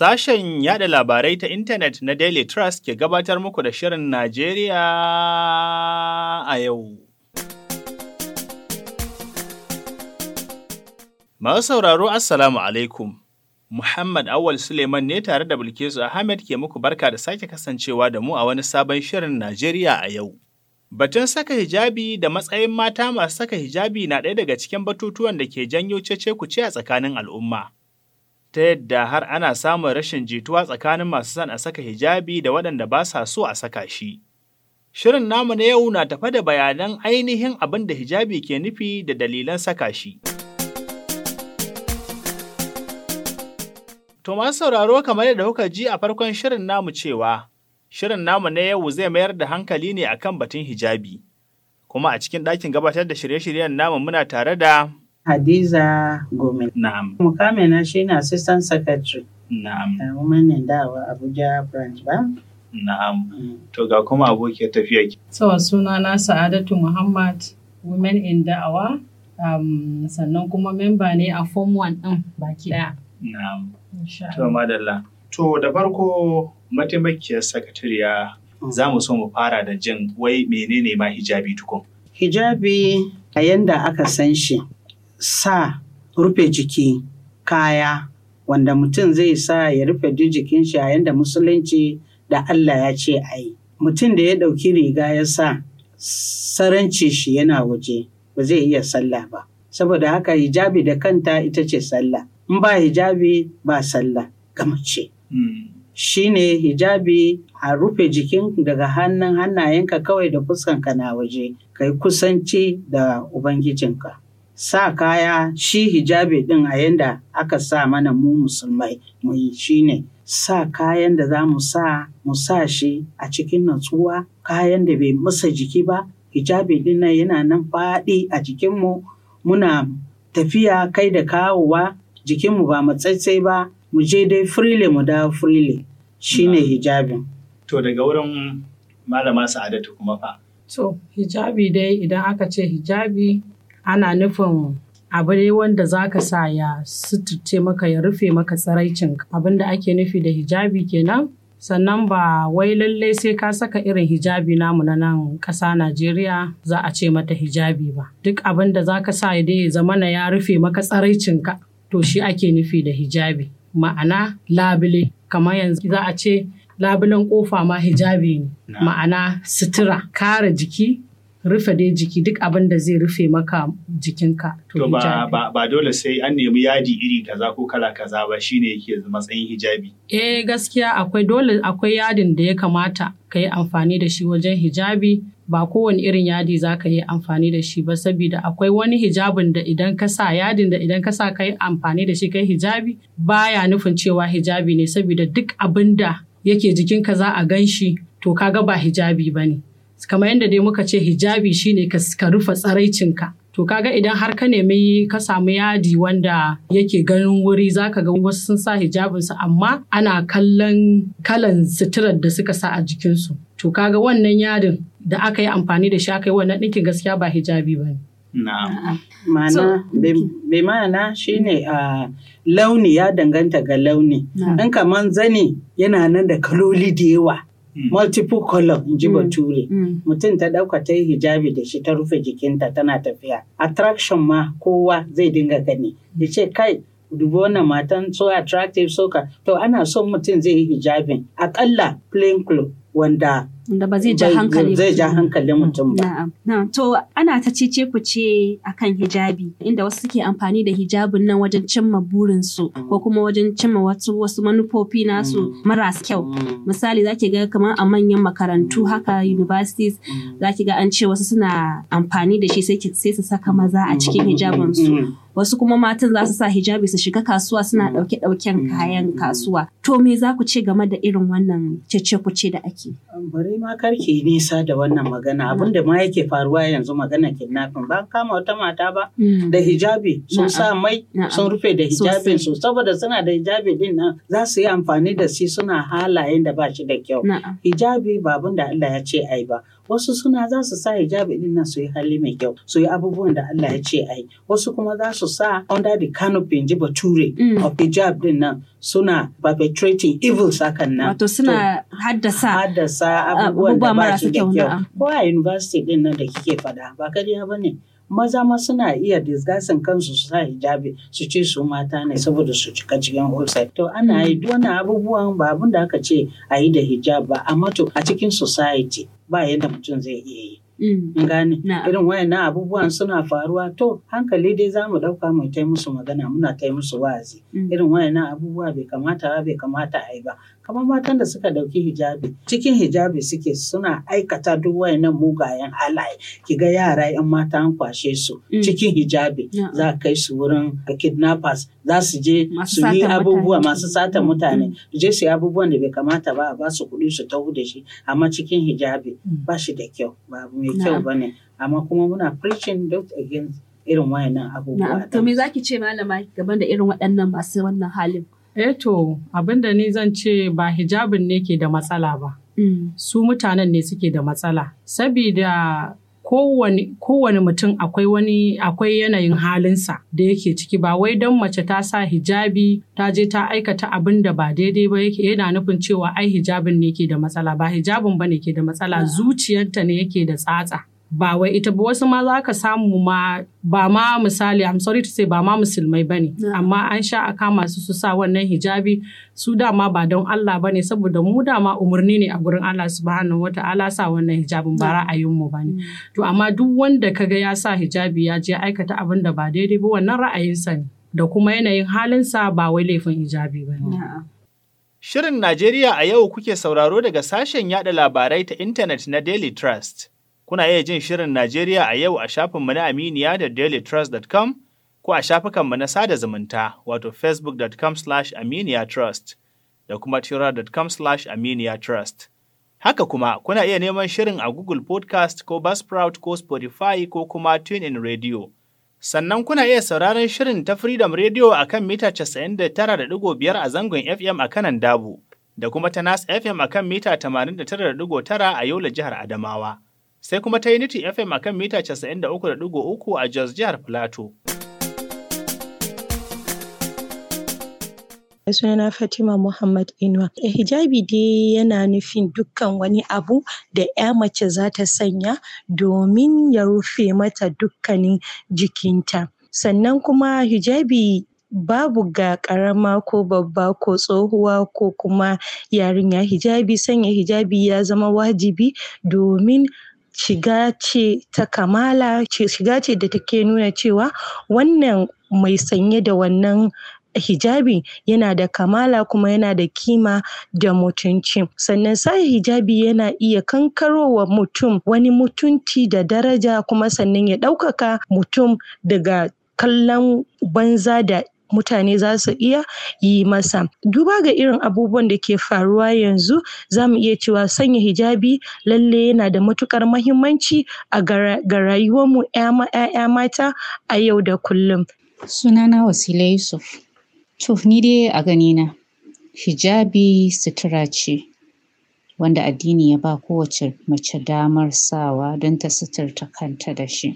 Sashen yada labarai ta intanet na Daily Trust ke gabatar muku da Shirin Najeriya a yau. Masu sauraro Assalamu alaikum. Muhammad Awal Suleiman ne tare da Bilkisu Ahmed ke muku barka da sake kasancewa da mu a wani sabon Shirin Najeriya a yau. Batun saka hijabi da matsayin mata masu saka hijabi na ɗaya daga cikin batutuwan da ke janyo cece ce a tsakanin al'umma. ta yadda har ana samun rashin jituwa tsakanin masu son a saka hijabi da waɗanda ba sa so a saka shi. Shirin namu na yau na tafa da bayanan ainihin abin da hijabi ke nufi da dalilan saka shi. To masu sauraro kamar yadda kuka ji a farkon shirin namu cewa, shirin namu na yau zai mayar da hankali ne akan batun hijabi. Kuma a cikin ɗakin gabatar da shirye-shiryen namu muna tare da Hadiza Gomel. Na'am. shi shine Assistant Secretary. Na'am. Da Women in Dawa Abuja branch ba. Na'am. Mm. To ga kuma abokin tafiya ki. So suna na Sa'adatu Muhammad Women in Da'awa um, sannan kuma memba ne a Form 1 ɗin baki ɗaya. Na'am. To madalla. To da farko mataimakiyar sakatariya mm. za mu so mu fara da jin wai menene ma hijabi tukun. Hijabi a yanda aka san shi sa rufe jiki kaya wanda mutum zai sa ya rufe duk jikin shi yayin da musulunci da Allah ya ce a yi. Mutum da ya ɗauki riga ya sa saranci shi yana waje ba zai iya sallah ba. Saboda haka hijabi da kanta ita ce sallah. In ba hijabi ba sallah ga mace. Shi ne hijabi a rufe jikin daga hannun hannayenka kawai da fuskanka na waje, ka kusanci da Ubangijinka. sa kaya shi hijabi ɗin a yanda aka sa mana mu musulmai mu yi shi ne. sa kayan da za mu sa mu sa shi a cikin natsuwa kayan da bai masa jiki ba hijabi ɗin nan yana nan faɗi a jikinmu muna tafiya kai da kawowa jikinmu ba matsatsai ba mu je dai firile mu dawo firile ne hijabin to daga wurin malama sa'adatu kuma fa to hijabi dai idan aka ce hijabi ana nufin abu ne wanda za ka sa ya suturce maka ya rufe maka tsaraicin abin da ake nufi da hijabi kenan sannan ba wai lallai sai ka saka irin hijabi namu na nan ƙasa najeriya za a ce mata hijabi ba duk abin da za ka sa ya zama na ya rufe maka tsaraicinka to shi ake nufi da hijabi ma'ana labule kamar yanzu za a ce labulen kofa ma hijabi ne ma'ana sutura kare jiki rufe dai jiki duk abin da zai rufe maka jikinka. To ba, dole sai an nemi yadi iri kaza ko kala kaza ba shine yake matsayin hijabi. Eh gaskiya akwai dole akwai yadin da ya kamata ka yi amfani da shi wajen hijabi ba kowane irin yadi za ka yi amfani da shi ba saboda akwai wani hijabin da idan ka sa yadin da idan ka sa ka yi amfani da shi kai hijabi baya nufin cewa hijabi ne saboda duk abin da yake jikinka za a gan shi to kaga ba hijabi ba ne. kamar yadda dai muka ce hijabi shine ka rufe tsaraicinka to kaga idan har ka nemi ka samu yadi wanda yake ganin wuri zaka ga wasu sun sa hijabinsu amma ana kallon kalan sitirar da suka sa a jikinsu to kaga wannan yadin da aka yi amfani da shi aka yi wannan ɗinkin gaskiya ba hijabi ba ne Ma'ana ma'ana shi ne launi ya danganta ga launi. In kamar zani yana nan da kaloli da yawa. Mm. multiple column in ji mm. bature mm. mutum ta ɗauka ta yi hijabi da shi ta rufe jikinta tana tafiya attraction ma kowa zai dinga gani ya ce kai dubi wannan matan so attractive so ka to ana son mutum zai yi hijabin akalla plain cloth wanda da ba zai ja hankali zai ja hankali mutum ba. To ana ta cece ku ce akan hijabi inda wasu suke amfani da hijabin nan wajen cimma burinsu mm. ko kuma wajen cimma wasu wasu manufofi nasu mm. maras kyau. Mm. Misali zaki ga kamar a manyan makarantu haka universities zaki ga an ce wasu suna amfani da shi sai su saka maza a cikin hijabin su wasu kuma matan za su sa hijabi su shiga kasuwa suna dauke-dauken mm. mm. kayan kasuwa to me za ku ce game da irin wannan cece kuce da ake bari ma karki nisa da wannan magana mm. abin da ma yake faruwa yanzu magana kidnapping ba kama wata mata ba da hijabi sun sa mai sun rufe da hijabin su saboda suna da hijabi din nan za su yi amfani da shi suna halayen da ba shi da kyau hijabi ba abin da Allah ya ce ai ba wasu suna za su sa hijabi din nan su yi hali mai kyau su yi abubuwan da Allah ya ce ai wasu kuma za su sa under the canopy in ji bature mm. of hijab din nan suna perpetrating evil sakan nan wato suna haddasa haddasa uh, abubuwan da ba su da kyau ko a university din nan da kike fada ba kariya bane maza ma suna iya disgasin kansu su sa hijabi su ce su mata ne saboda su cika cikin website to ana yi abubuwan ba abun da aka ce a yi da hijab ba amma to a cikin society ba yadda mutum zai iya yi mm. gane irin wayannan abubuwan suna faruwa to hankali dai za mu ɗauka mu taimusu magana muna taimusu musu wa'azi mm. irin wayannan abubuwa bai kamata ba bai kamata a yi ba kamar matan da suka dauki hijabi cikin hijabi suke suna aikata duk wayannan mugayen halaye ki ga yara yan mata an kwashe su mm. cikin hijabi za kai su wurin kidnappers za su je su yi abubuwa masu sata mm. mutane mm. su je su yi abubuwan da bai kamata ba a ba su kuɗi su taho da shi amma cikin hijabi ba shi da kyau ba mai kyau ba ne amma kuma muna preaching don against irin wayannan abubuwa. To me zaki ce malama gaban da irin waɗannan masu wannan halin? Eto eh abinda ni zan ce ba hijabin ne ke da matsala ba. Mm. Su mutanen ne suke da matsala. Sabida kowane mutum akwai wani akwai yanayin halinsa da yake ciki ba wai don mace ta sa hijabi ta je ta aikata abin da ba daidai ba yake yana nufin cewa ai hijabin ne ke da matsala ba hijabin ba ne ke da matsala zuciyarta ne yake da tsatsa ba wai ita ba wasu ma za ka samu ma ba ma misali I'm sorry to say ba ma musulmai ba ne amma an sha a kama su sa wannan hijabi su dama ba don Allah ba ne saboda mu dama umarni ne a gurin Allah subhanahu wata'ala sa wannan hijabin ba ra'ayin mu ba ne mm. to amma duk wanda kaga ya sa hijabi ya je aikata abin da ba daidai ba wannan ra'ayinsa ne da kuma yanayin halinsa ba wai laifin hijabi ba ne. Shirin Najeriya a yau kuke sauraro daga sashen yada labarai ta intanet na Daily Trust. Kuna iya jin Shirin Najeriya a yau a shafinmu na Aminiya da dailytrust.com ko a shafukanmu na sada zumunta wato facebook.com slash aminiyatrust da kuma twittercom slash aminiyatrust. Haka kuma kuna iya neman shirin a Google Podcast ko Buzzsprout ko Spotify ko kuma TuneIn Radio. Sannan kuna iya sauraron shirin ta Freedom Radio a kan mita 99.5 a zangon FM a kanan Dabu, da kuma ta Nas FM a kan mita 89.9 a Yola jihar Adamawa. sai kuma ta Unity FM a kan mita 93.3 a Jos Jihar Filato. sunana Fatima Muhammad Inuwa. Eh, hijabi dai yana nufin dukkan wani abu da ya mace za ta sanya domin ya rufe mata dukkanin jikinta. Sannan kuma hijabi babu ga karama ko babba ko tsohuwa ko kuma yarinya hijabi sanya hijabi ya zama wajibi domin shiga ce ta kamala shiga ce da take nuna cewa wannan mai sanye da wannan hijabi yana da kamala kuma yana da kima da mutunci sannan sai hijabi yana iya kankarowa mutum wani mutunci da daraja kuma sannan ya ɗaukaka mutum daga kallon banza da mutane za su iya yi masa duba ga irin abubuwan da ke faruwa yanzu za mu iya cewa sanya hijabi lalle yana da matukar mahimmanci a ga rayuwarmu 'ya'ya mata a yau da kullum sunana wasila yusuf to ni dai a ganina hijabi sutura ce wanda addini ya ba kowace mace damar sawa don ta suturta kanta da shi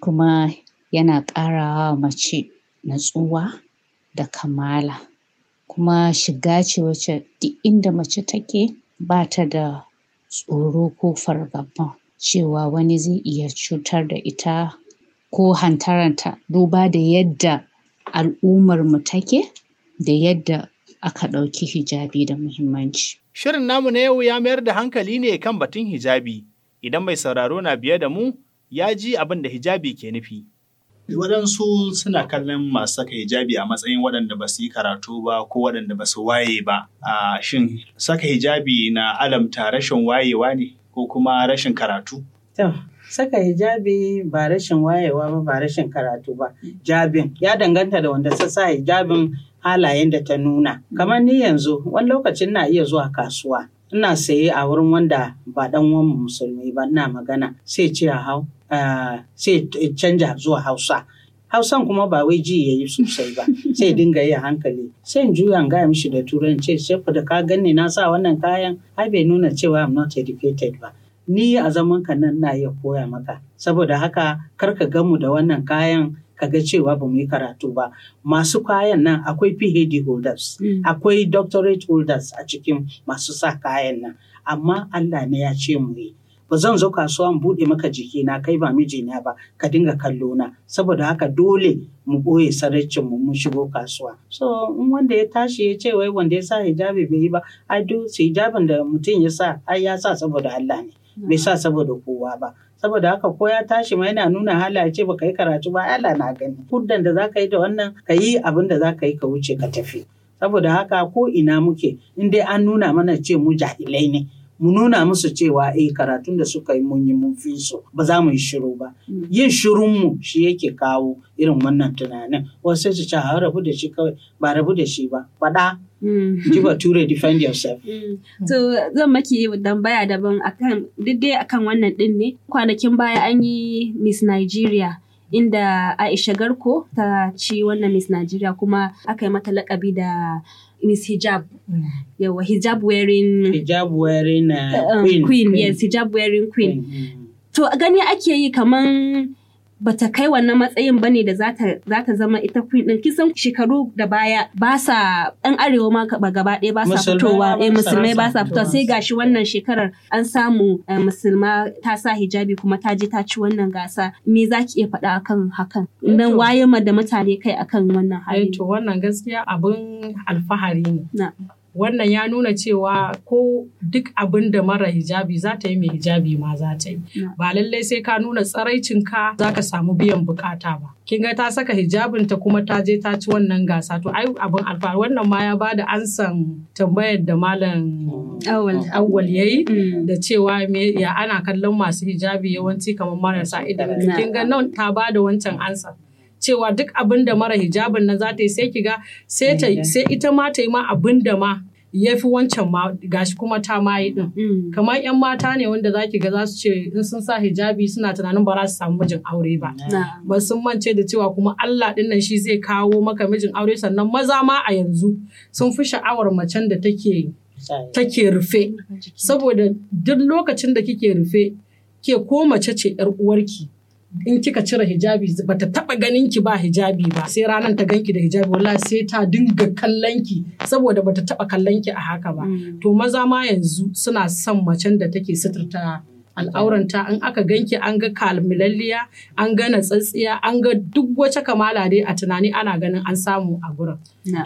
kuma yana ƙara wa mace natsuwa da kamala kuma shiga ce wacce duk inda mace take ba ta da tsoro ko fargaba cewa wani zai iya cutar da ita ko hantaranta duba da yadda al'ummar al'ummarmu take da yadda aka ɗauki hijabi da muhimmanci. Shirin namu na yau ya mayar da hankali ne kan batun hijabi. Idan mai sauraro na biye da mu, ya ji abin da hijabi ke nufi. waɗansu suna kallon masu saka hijabi a matsayin waɗanda ba su yi karatu ba ko waɗanda ba su waye ba. A shin saka hijabi na alamta rashin wayewa ne ko kuma rashin karatu? saka hijabi ba rashin wayewa ba ba rashin karatu ba. Jabin ya danganta da wanda sa hijabin halayen da ta nuna. Kamar ni yanzu wani lokacin na iya zuwa kasuwa. Ina saye a wurin wanda ba ɗan musulmi ba ina magana sai ce a hau sai canja zuwa hausa hausan kuma ba wai ji ya yi sosai ba sai dinga yi hankali sai juya n gaya mishi da turanci sai ku da ka ganni na sa wannan kayan ai bai nuna cewa i'm not educated ba ni a zaman ka nan na iya koya maka saboda haka kar ka gamu da wannan kayan ka ga cewa ba mu yi karatu ba masu kayan nan akwai phd holders akwai doctorate holders a cikin masu sa kayan nan amma allah ne ya ce mu yi ba zan zo kasuwa mu buɗe maka jiki na kai ba mijina ba ka dinga kallo na saboda haka dole mu ɓoye sarracin mu mun shigo kasuwa so in wanda ya tashi ya ce wai wanda ya sa hijabi bai yi ba ai hijabin da mutum ya sa ai ya sa saboda Allah ne bai sa saboda kowa ba saboda haka ko ya tashi ma yana nuna hala ce baka yi karatu ba Allah na gani kuddan da zaka yi da wannan ka yi abin da zaka yi ka wuce ka tafi saboda haka ko ina muke in dai an nuna mana ce mu jahilai ne mu nuna musu cewa eh karatun da suka yi mun yi mun fi so ba za mu yi shiru ba mm. yin shirun mu shi yake kawo irin wannan tunanin wasu sai su ce a rabu da shi kawai ba rabu da shi ba faɗa mm. ji ture defend yourself mm. to zan maki tambaya daban akan duk dai akan wannan din ne kwanakin baya an yi miss nigeria inda Aisha Garko ta ci wannan Miss Nigeria kuma aka yi mata lakabi da Miss Hijab. Mm. Yawa hijab wearing Hijab wearing uh, um, queen. queen. Yes, hijab wearing queen. Mm -hmm. To gani ake yi kaman bata kai wannan matsayin bane da zata ta zama ita queen din kisan shekaru da baya ba sa ɗan arewa ma gaba ɗaya ba eh, sa fitowa eh musulmai ba sa fitowa sai gashi wannan shekarar an samu eh, musulma ta sa hijabi kuma ta je ta ci wannan gasa me za ki iya faɗa akan hakan eh, nan waye da mutane kai akan wannan hali to wannan gaskiya abun alfahari ne wannan ya nuna cewa ko duk abin da mara hijabi za ta yi mai hijabi ma za ta yi ba lallai sai ka nuna tsaraicin ka. za ka samu biyan bukata ba kin ga ta saka hijabin ta kuma ta je ta ci wannan gasa to ai abin alfahari wannan ma ya bada ansan tambayar da malam awwal yayi mm. da cewa me ya ana kallon masu hijabi yawanci kamar marasa idan kin ga nan ta bada wancan ansa cewa duk abin da mara hijabin nan za ta yi sai ki ga sai ita ma ta yi ma abin da ma ya fi wancan ma gashi kuma ta mayi din mm. kamar yan mata ne wanda za ki ga za su ce in sun sa hijabi suna tunanin ba za su samu mijin aure ba ba sun mance da cewa kuma Allah din nan shi zai kawo maka mijin aure sannan maza ma a yanzu sun fi sha'awar macen da take take rufe saboda duk lokacin da kike rufe ke ko mace ce yar uwarki in kika cire hijabi bata taba ganin ki ba hijabi ba sai ranar ta ganki da hijabi wallahi sai ta dinga kallon ki saboda bata taba kallon ki a haka ba mm. to maza ma yanzu suna son macen da take suturta al'auranta in aka ganki an ga kalmilalliya an ga natsatsiya an ga duk wace kamala dai a tunani ana ganin an samu a gurin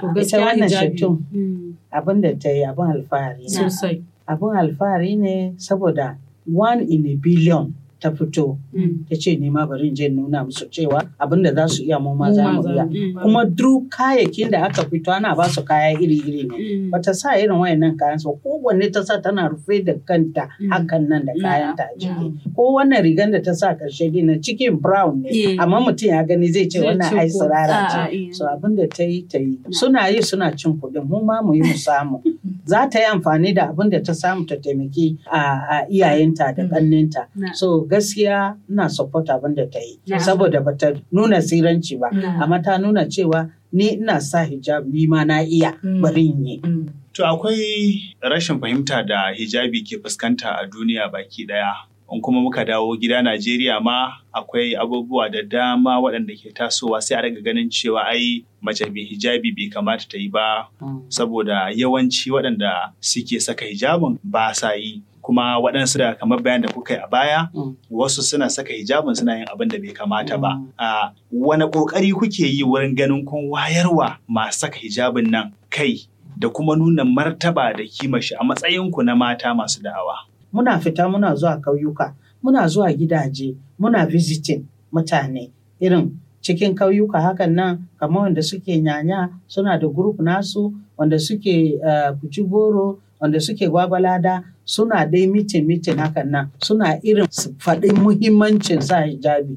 to gaskiya hijabi mm. abin da ta yi abin alfahari ne sosai abin alfahari ne saboda one in a billion ta fito mm. ta ce ne bari je nuna musu cewa Abinda za su iya mu ma za mu iya mm, kuma duk kayayyakin da aka fito ana ba su kaya iri-iri ne mm. bata sa irin wayannan kayan sa ko wanne ta sa tana rufe da kanta hakan nan da kayan ta a jiki ko wannan rigan da ta sa karshe din cikin brown ne amma mutum ya gani zai ce wannan ai sirara ce so abinda ta yi ta yi suna yi suna cin kuɗin mu ma mu yi mu samu za ta yi amfani da abinda ta samu ta taimaki a iyayenta da ƙanninta so gaskiya ina support abin da ta yi saboda ba ta nuna siranci ba amma ta nuna cewa ni ina sa hijab ni ma na iya mm. bari in mm. to akwai rashin fahimta da hijabi ke fuskanta a duniya baki daya in kuma muka dawo gida Najeriya ma akwai abubuwa da dama waɗanda ke tasowa sai a daga ganin cewa ai mace mai hijabi bai kamata ta yi ba mm. saboda yawanci waɗanda suke saka hijabin ba sa yi kuma waɗansu da kamar bayan da kuka yi a baya mm. wasu suna saka hijabin suna yin abin da bai kamata ba mm. a wani ƙoƙari kuke yi wurin ganin kun wayarwa masu saka hijabin nan kai da kuma nuna martaba da kima shi a matsayinku na mata masu da'awa muna fita muna zuwa ƙauyuka muna zuwa gidaje muna visiting mutane irin cikin kauyuka hakan nan kamar wanda suke nyanya suna da group nasu wanda suke uh, eh, goro wanda suke gwagwalada suna dai mice mice hakan nan suna irin su faɗi muhimmancin sa hijabi.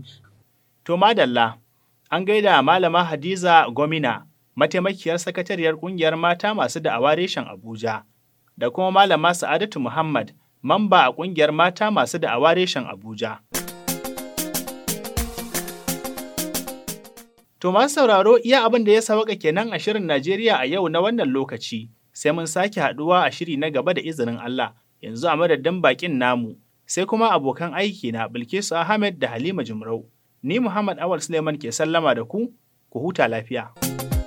To madalla, an gaida malama Hadiza Gomina, mataimakiyar sakatariyar ƙungiyar mata masu da'awa reshen Abuja, da kuma malama Sa'adatu Muhammad, mamba a ƙungiyar mata masu da'awa reshen Abuja. To masu sauraro iya abin da ya sauka kenan a shirin Najeriya a yau na wannan lokaci, sai mun sake haɗuwa a shiri na gaba da izinin Allah. yanzu a madadin bakin namu sai kuma abokan aiki na Bilkisu Ahmed da Halima Jumrau. Ni Muhammad Awal Suleiman ke sallama da ku, ku huta lafiya.